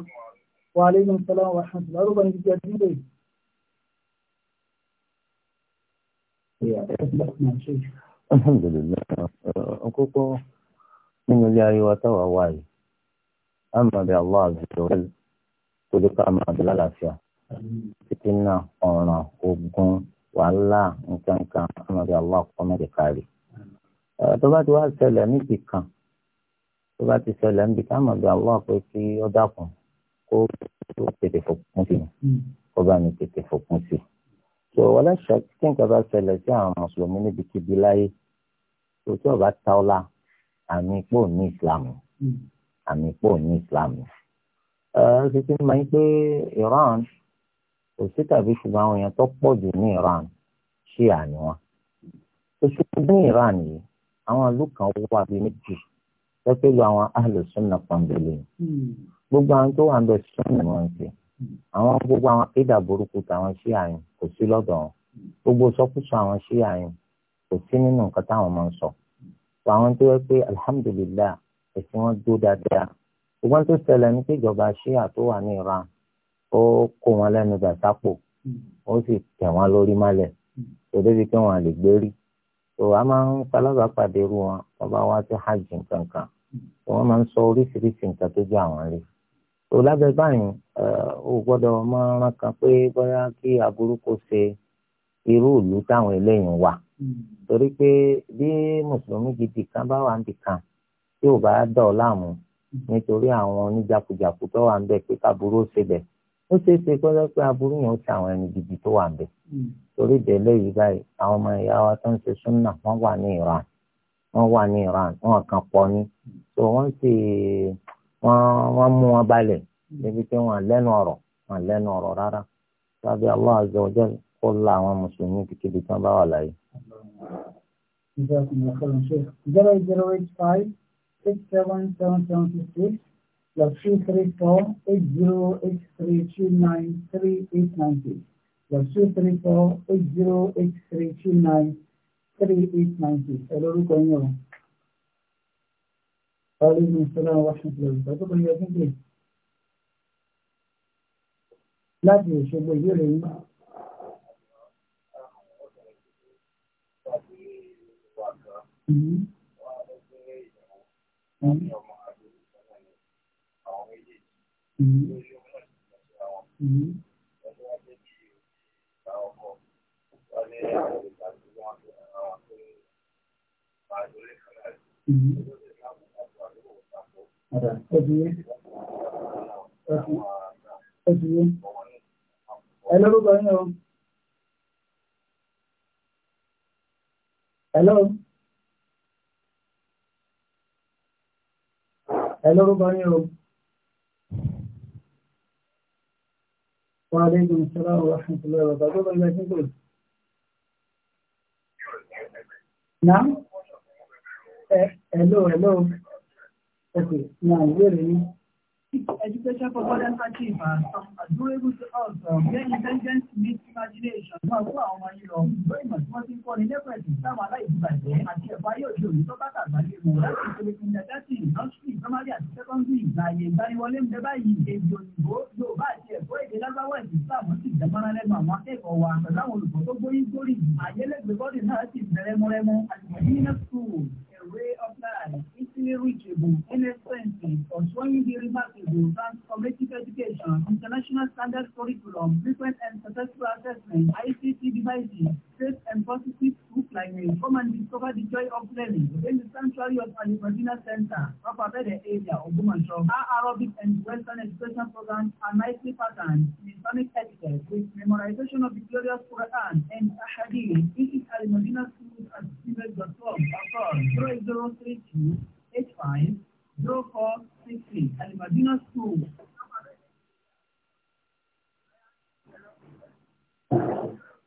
A: وعليكم السلام ورحمة الله أروا بني جديد يا شيخ
B: الحمد لله أقوكو من الياري وتوى واي أما بالله عز وجل تلك أما بالعافية فتنا قونا وبقون وعلا إن كان كان أما بالله قونا بكاري تبات واسلامي بكا تبات سلام بكا أما بالله قوتي ودافن kó tó tètè fòpin sí hmm. kó bá mi tètè fòpin sí. tó wọlé ṣáàtì kí nǹkan bá ṣẹlẹ̀ sí àwọn mùsùlùmí níbikíbi láyé tó tí ọba táọ́lá àmì ipò ní ìsìlámù hmm. àmì ipò ní ìsìlámù. ẹ ẹ ṣe ti máa ń pé Iran kò sí tàbí ṣùgbọ́n àwọn èèyàn tó pọ̀ jù ní Iran ṣíà ni wọ́n. oṣù ní Iran yìí àwọn ìlú kan wà bíi méjì lọ́pẹ́ àwọn ahlùsùn náà pàǹdùlẹ̀ yìí gbogbo àwọn tó wà ń bẹ sọ́ọ̀nù wọn ń ṣe àwọn gbogbo àwọn akéda burúkú táwọn ṣí àyìn kò sí lọ́dọ̀ wọn gbogbo sọkúsọ àwọn ṣí àyìn kò sí nínú nǹkan táwọn máa ń sọ tó àwọn tó yẹ pé alhamdulillah ẹ̀sìn wọn dúró dáadáa ṣùgbọ́n tó ṣẹlẹ̀ ní kíjọba ṣíà tó wà ní Iran ó kó wọn lẹ́nu gbàtàpọ̀ ó sì tẹ̀ wọ́n lórí mọ́lẹ̀ tó débi pé wọ́n lè gbé rí tó a máa ń falábàápàdé irú wọn wọ́n bá wá sí hajj nǹkan kan tó wọ́n máa ń sọ oríṣiríṣi nǹkan tó jẹ́ àwọn rí tó lábẹ́ báyìí ó gbọ́dọ̀ máa rán kan pé bóyá kí aburú kó ṣe irú ìlú táwọn eléyìí wà torí pé bí mùsùlùmí gidi kan bá wà níbi kan tí ò bá dọ̀ láàmú nítorí àwọn oníjàkújàkú tó wà ń bẹ pé kaburú ṣe bẹ̀ ó ṣeé ṣe kó lọ́pẹ́ aburú yẹn ó ṣe àwọn ẹni gidi tó wà ń bẹ torí ìdẹ́lẹ́ yìí báyìí àwọn ọmọ ìyá wa tó ń ṣe súnà wọ́n wà ní Iran wọ́n wà ní Iran wọ́n kàn pọ̀ ni so wọ́n sì wọ́n mú wọn balẹ̀ níbi tí wọ́n lẹ́nu ọ̀rọ̀ wọ́n lẹ́nu ọ̀rọ̀ rárá sábẹ́ Allah azza wa jalla kó la àwọn mùsùlùmí kíkiri tí wọ́n bá wà láyé.
A: zero zero eight five six seven seven seven six six plus two three four eight zero eight three two nine three eight nine six plus two three four eight zero eight three two nine three eight nine six ẹ lórúkọ yín o. وعليكم السلام ورحمة الله وبركاته bóyá fún mi láti Òṣogbo ìbéèrè yìí. Mm-hmm. Ọdúnwé. Ọdúnwé. Ẹ lórúkọ yín o. Hello. Ẹ lórúkọ yín o. Wa alaykum assalam wa rahmatullahi wa barakatuh. Tó bá yẹ kí n kò. Náà. Hello, hello. Okay, now where are you? Education for modern achievers, adorable to us, um, where intelligence meets imagination. Máa fún àwọn ọmọ yìí lọ, ìgbọ́ ìmọ̀ tí wọ́n ti ń kọ́ ní lẹ́fẹ̀ẹ́sì táwọn aláìsíbàjẹ́ àti ẹ̀fọ́ ayé òde òní tọ́ka àgbáyé wò láti ìpele kìndàdásì, nọ́sírì, primary àti secondary láàyè ìgbaniwọlé ń bẹ báyìí. Èdè òyìnbó, Yorùbá àti ẹ̀fọ́ èdè lágbáwọ̀ ẹ̀sìn sáàmù sì dẹ́mọ́ra lẹ́nu àwọn akẹ́kọ̀ọ́ wa pẹ̀lú àwọn olùkọ́ tó gbóyún gbórí. Àyẹ́lẹ́gbẹ̀bọ́dì náà sì bẹ̀rẹ̀ mọ́rẹ́mọ́ àti easily reachable, inexpensive, pursuing the remarkable transformative education, international standard curriculum, frequent and successful assessment, ICT devices, safe and positive school climate. Come and discover the joy of learning within the sanctuary of Alibadina Center, Papabede area of Bumanshaw. Our Arabic and Western education programs are nicely patterned in Islamic etiquette with memorization of the glorious Quran and Ahadith. This is Alibadina Schools at 08032 five zero four six eight alimadina school.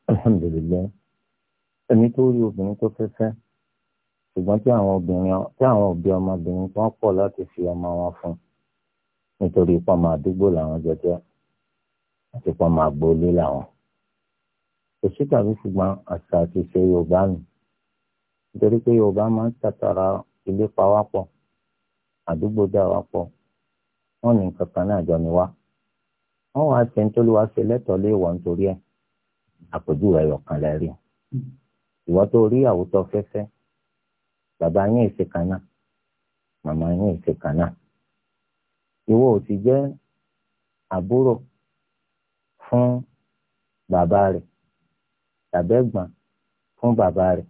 B: alhamdulilayi ẹni tó rí obìnrin tó fẹ́ fẹ́ ṣùgbọ́n tí àwọn obìnrin tí àwọn òbí ọmọbìnrin tó ń pọ̀ láti fi ọmọ wọn fún nítorí pọ́nmọ àdúgbò làwọn jẹjẹ àti pọ́nmọ àgbọ̀lé làwọn. èsì tàbí ṣùgbọ́n àṣà àti ìṣe yorùbá nù nítorí pé yorùbá máa ń tàtàrà ilé pawápọ̀ àdúgbò dá wa pọ̀ wọ́n ní nǹkan kan náà jọ ni wá wọ́n wá ṣe ń tólúwa ṣe lẹ́tọ̀ọ́ léèwọ̀ nítorí ẹ̀ àpèjúwe ẹ̀yọ̀ kan lẹ́rí ìwọ́n tó rí àwùjọ fẹ́fẹ́ bàbá yín èsì kan náà màmá yín èsì kan náà ìwọ ò ti jẹ́ àbúrò fún bàbá rẹ̀ tàbí fún bàbá rẹ̀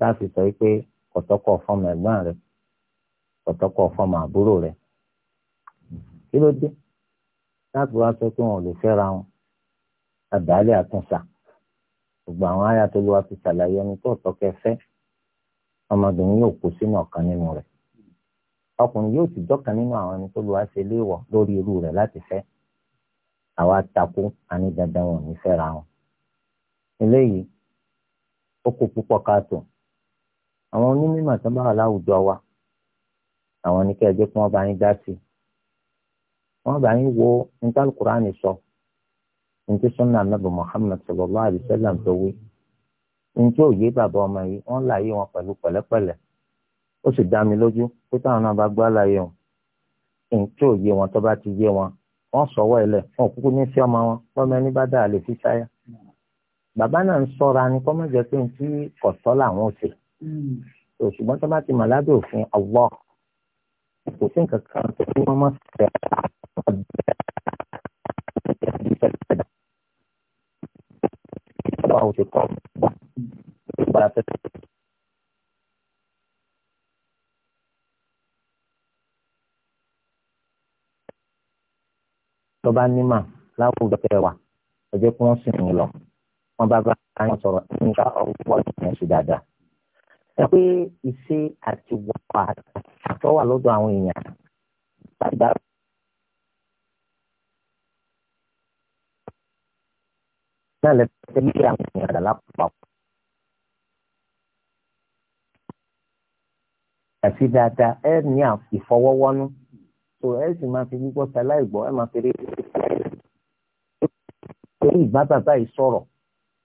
B: láti sọ pé kọ̀tọ́kọ̀ fọmọ ẹ̀gbọ́n rẹ̀ kọ̀tọ́kọ̀ fọmọ àbúrò rẹ̀ kí ló dé láti wá sọ pé wọn ò lè fẹ́ra wọn àdáálẹ̀ àtúnṣà gbogbo àwọn àyà tó lọ́wọ́ ti ṣàlàyé ẹni tó tọ́kẹ́ fẹ́ ọmọbìnrin yóò kó sínú ọ̀kan nínú rẹ̀ ọkùnrin yóò ti dọ́kan nínú àwọn ẹni tó lọ́wọ́ ṣe léèwọ̀ lórí irú rẹ̀ láti fẹ́ àwa takú àní wọn ò ní fẹ́ra wọn eléyìí ó kó púpọ̀ káàtó àwọn onímọ̀ tó bá wà láwùjọ wa àwọn ní kẹjọ kí wọn bá yín dá sí wọn bá yín wo nítorí kuraani sọ ntí sunna anabi muhammad sallallahu alayhi wa sallam tó wí ntí òye bàbá ọmọ yìí wọn láàyè wọn pẹ̀lú pẹ̀lẹ́pẹ̀lẹ́ ó sì dá mi lójú pé táwọn náà bá gbọ́ àlàyé wọn ntí òye wọn tó bá ti yé wọn wọn sọwọ ilẹ̀ wọn kúkú ní sí ọmọ wọn lọmọ ẹni bá dáa lè fi sáyà bàbá náà ń ṣọ́ra ni kọ́mọ̀jẹ́ pé ntí kọ̀tọ́ làwọn ò sè hmm. ṣùgbọ́n tó bá ti mọ̀ lábẹ́ òfin allah kò sí nǹkan kan tó
A: kí wọ́n máa fẹ́ àwọn òṣè kan nípa afẹ́fẹ́.
B: lọ́ba nímà láwùjọ kẹwàá ẹ jẹ́ kí wọ́n sìn yín lọ wọ́n bá bá yín sọ̀rọ̀ nípa ọ̀pọ̀ ìyẹn sí dáadáa ẹ pé ìṣe àti wà tó wà lọ́dọ̀ àwọn èèyàn
A: gbàgbà. náà lè tẹ́ lé àwọn èèyàn dà lápapọ̀.
B: àti dáadáa ẹ ní ìfọwọ́wọ́nú tó ẹ sì máa fi gbígbọ́ sáláì gbọ́ ẹ máa fi rí i. torí ìbá bàbá yìí sọ̀rọ̀.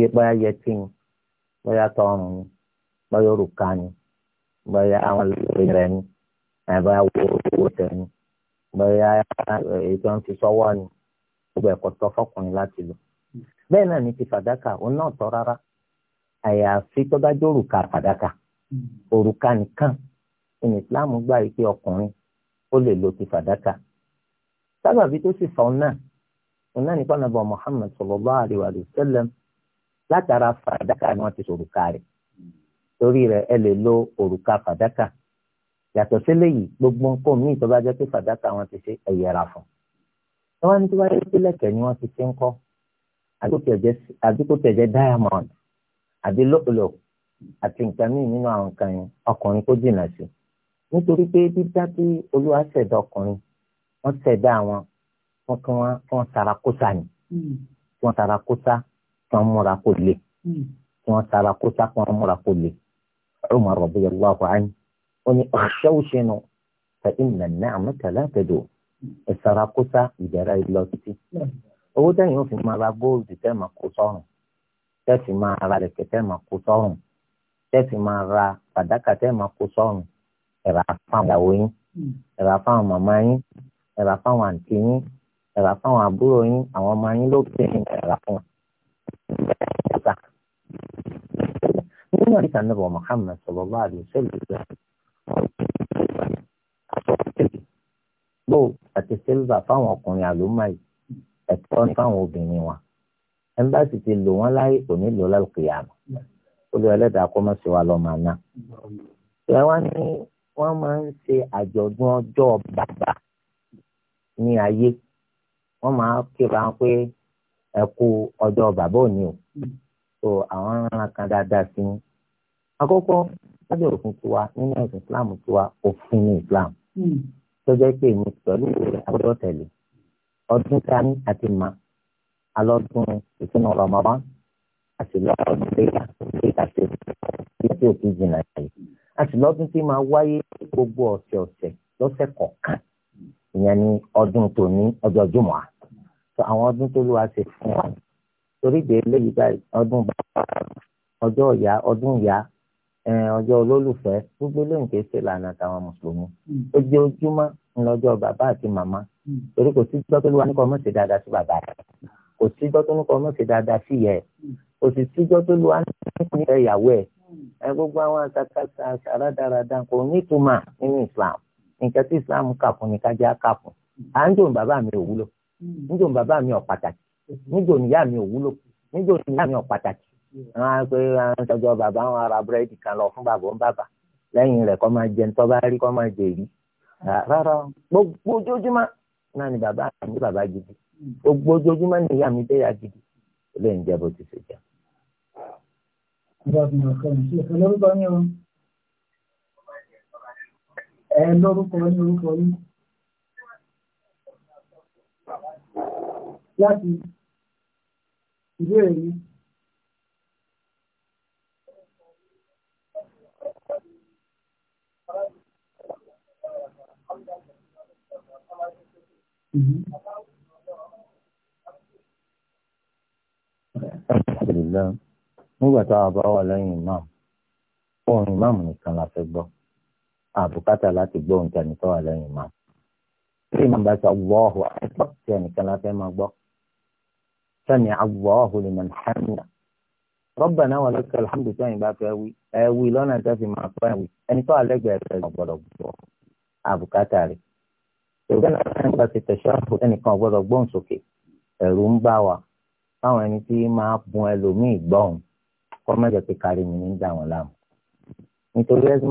B: bí bóyá yẹtí ni bóyá tọrùn ni bóyá òrùka ni bóyá àwọn ìrìn rẹ ni bóyá owó tẹ ni bóyá èyí tó ń fi sọ́wọ́ ni gbogbo ẹ̀kọ́ tọ́ fọkùnrin láti lò bẹ́ẹ̀ náà ní ti fàdákà òun náà tọ́ rárá àyàfi tó bá jẹ́ òrùka fàdákà òrùka nìkan ní Islam gbà yìí ọkùnrin ó lè lo ti fàdákà sábàbí tó sì fa òun náà òun náà nípa nàbọ Muhammad sallallahu alaihi wa sallam látara fàdákà ni wọ́n ti sọ òrùka rẹ̀ torí rẹ̀ ẹ lè lo òrùka fàdákà yàtọ̀ sílẹ̀ gbogbo nǹkan míì tó bá pé fàdákà wọn ti ṣe ẹ fún un wọ́n ní tí wọ́n ni wọ́n ti ṣe ń kọ́ àbí kò diamond àbí lọ́pọ̀lọ́ àti nǹkan míì nínú àwọn nǹkan yẹn ọkùnrin kó jìnnà sí nítorí pé dídá tí olúwa ṣẹ̀dá ọkùnrin wọ́n ṣẹ̀dá àwọn wọ́n kí wọ́n tara kóṣà ni hmm. wọ́n tara kóṣà tán múra kó le hmm. tí wọ́n tara kó sá kan múra kó le Umar radiyallahu anhu ó ní ọ̀ṣẹ́wòṣẹ́nu fa inna an-ni'mata la tadum ìsara kó sá ìdẹ̀ra ìlọ títí owó tẹ̀yìn ó fi máa ra góòlù tẹ́ máa kó sọ́run tẹ́ fi máa ra rẹ̀kẹ̀ tẹ́ máa kó sọ́run tẹ́ fi máa ra fàdákà tẹ́ máa kó sọ́run ẹ̀rà fáwọn ìyàwó yín ẹ̀rà fáwọn màmá yín ẹ̀rà fáwọn àǹtí yín ẹ̀rà fáwọn àbúrò yín àwọn ọmọ yín ló pè é ẹ̀rà fún wọn nínú àdìsá nàbọ Muhammad sallallahu alaihi wasallam gbó àti sílvà fáwọn ọkùnrin àlùmọ yìí ẹ̀tọ́ ní fáwọn obìnrin wa ẹmbásì ti lò wọn láyé kò ní lò lálùkìyà mọ olú ẹlẹ́dàá kó má ṣe wa lọ màá ná. ìyá wa ní wọ́n máa ń ṣe àjọ̀dún ọjọ́ bàbá ní ayé wọ́n máa kíra pé ẹ kú bàbá òní o so àwọn aràn kan dáadáa sí i àkọ́kọ́ lábẹ́ òfin tiwa nínú ẹ̀sìn islam tiwa òfin ní islam hmm. tó jẹ́ pé èmi pẹ̀lú ìwé àgbọ̀dọ̀ tẹ̀lé ọdún tání àti mà alọ́dún ìsinmi Ramadan àti lọ́dún léyà léyà ṣe létí òkè jìnnà yìí àti lọ́dún tí máa wáyé gbogbo ọ̀sẹ̀ ọ̀sẹ̀ lọ́sẹ̀ kọ̀ọ̀kan ìyẹn ni ọdún tòní ọjọ́ jùmọ̀ à àwọn ọdún tó lù wá ṣe fún wa torí ìdè eléyìí báyìí ọdún bàbá ọjọ́ ìyá ọdún ìyá ọjọ́ olólùfẹ́ gbogbo lóyún kìí ṣe lànà táwọn mùsùlùmí mm. ó jẹ́ ojúmọ́ ńlọ́jọ́ bàbá àti màmá mm. torí kò sí gbọ́ tó lù wá ní kọ́ mọ̀ ṣe dáadáa sí bàbá rẹ̀ kò sí gbọ́ tó ní kọ́ mọ̀ ṣe dáadáa sí ìyá ẹ̀ mm. kò sì síjọ́ tó lù wá ìyàwó ẹ gbogbo àwọn àtàkàtà àṣàràdàràdà kò nítumọ̀ nínú Islam nǹkan tí Islam kà fún ni ká kà fún à ń dùn bàbá mi ò níjò ní bàbá mi ò pàtàkì níjò ní ìyá mi ò wúlò níjò ní ìyá mi ò pàtàkì àwọn àgbẹ̀ àjọjọ bàbá wọn ara búrẹ́dì kan lọ fún bàbá ń bàbà lẹ́yìn rẹ̀ kọ́ máa jẹ ń tọ́ba rí kọ́ máa jẹ èrí rárá gbogbo ojoojúmọ́ náà ni bàbá mi bàbá gidi gbogbo ojoojúmọ́ ni ìyá mi bẹ́yà gidi lè ń jẹ bó ti ṣe jẹ.
A: ẹ lórúkọ ní orúkọ yìí. láti ìbéèrè yìí. Alhamdulillah, nígbà
B: tá a bá wà lẹ́yìn imam, orin imam nìkan la fẹ́ gbọ́. Àbùkátà láti gbọ́ oúnjẹ nìkan wà lẹ́yìn imam. Ṣé imam bá sọ Allahu Akbar tí ẹnìkan la fẹ́ máa gbọ́? sami'a Allahu liman hamida rabbana wa lakal hamdu tó yìnbá fẹ́ wí ẹ wí lọ́nà tó fi máa fẹ́ wí ẹni tó àlẹ́gbẹ̀ẹ́ rẹ̀ ọ̀gbọ́dọ̀ gbọ́ àbùkátà rẹ̀ ìgbà náà nípa ti tẹ̀sán ẹnìkan ọ̀gbọ́dọ̀ gbọ́n sókè ẹ̀rù ń bá wa fáwọn ẹni tí máa bun ẹlòmíì gbọ́n kọ́ mẹ́jọ pé kárí mi ní dà wọ́n láàmú nítorí ẹ̀sìn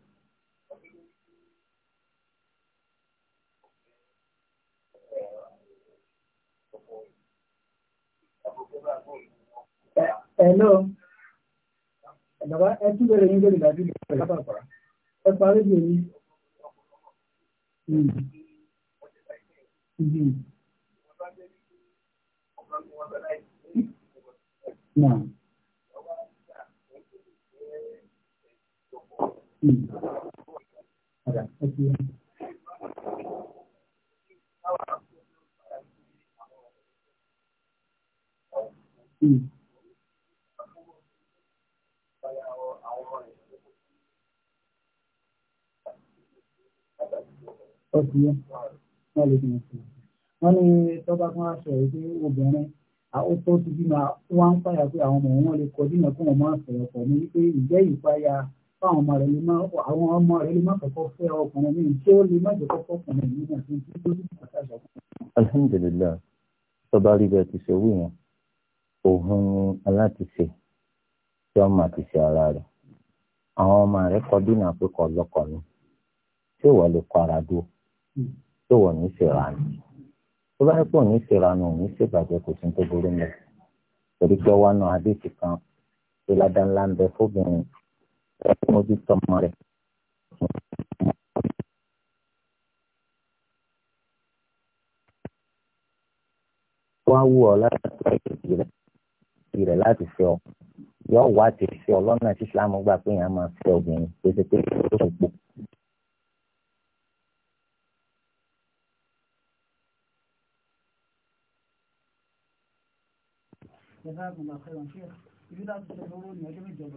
A: ẹ̀lọ́ ẹ̀lọ́wà ẹtú bẹ̀rẹ̀ yín lórí ìdájú ìlú ìpẹ̀lú àpapàá ẹ parí bí èyí. Now. Hmm. hmm. hmm. hmm. ọkùnrin wọn lè dùn sí wọn ní tọ́ba kan aṣọ yìí pé obìnrin ó tó ti bímọ wọn ń pààyà pé àwọn ọmọ wọn lè kọ dínà fún ọmọ àfẹ̀yọ̀ pọ̀ ní wípé ìjẹ́ ìpáyà fáwọn ọmọ rẹ̀ lè má àwọn ọmọ rẹ̀ lè má kọ́kọ́ fẹ́ ọkùnrin míì tí ó lè má jẹ́ kọ́kọ́ ọkùnrin míì náà tí ó ti pàtàkì
B: ọkùnrin. alhamdulilayi tọ́ba rí bẹ́ẹ̀ ti ṣe wí yẹn òun alátiṣe tí ọmọ àtiṣe ara rẹ̀ àwọn ọmọ rẹ̀ kọ tó wọ̀ ní ìṣèrànù tó bá pọ̀ ní ìṣèrànù ò ní ṣèbàjẹ́ kò sí tó burú mẹ́ torí pé wà nù adéṣì kan tó ládá ńlá ń bẹ
A: fóbìnrin ẹ̀kọ́ mojú tọmọ rẹ̀.
B: wá wù ọ láti ṣe ìdí rẹ̀ láti ṣe ọ yọ wá ti ṣe ọ lọ́nà tí Islam gbà pé èèyàn máa fẹ́ obìnrin pé ṣe pé ó ṣe pò.
A: جزاكم الله خيرا شيخ يريد أن تدعوني أجمع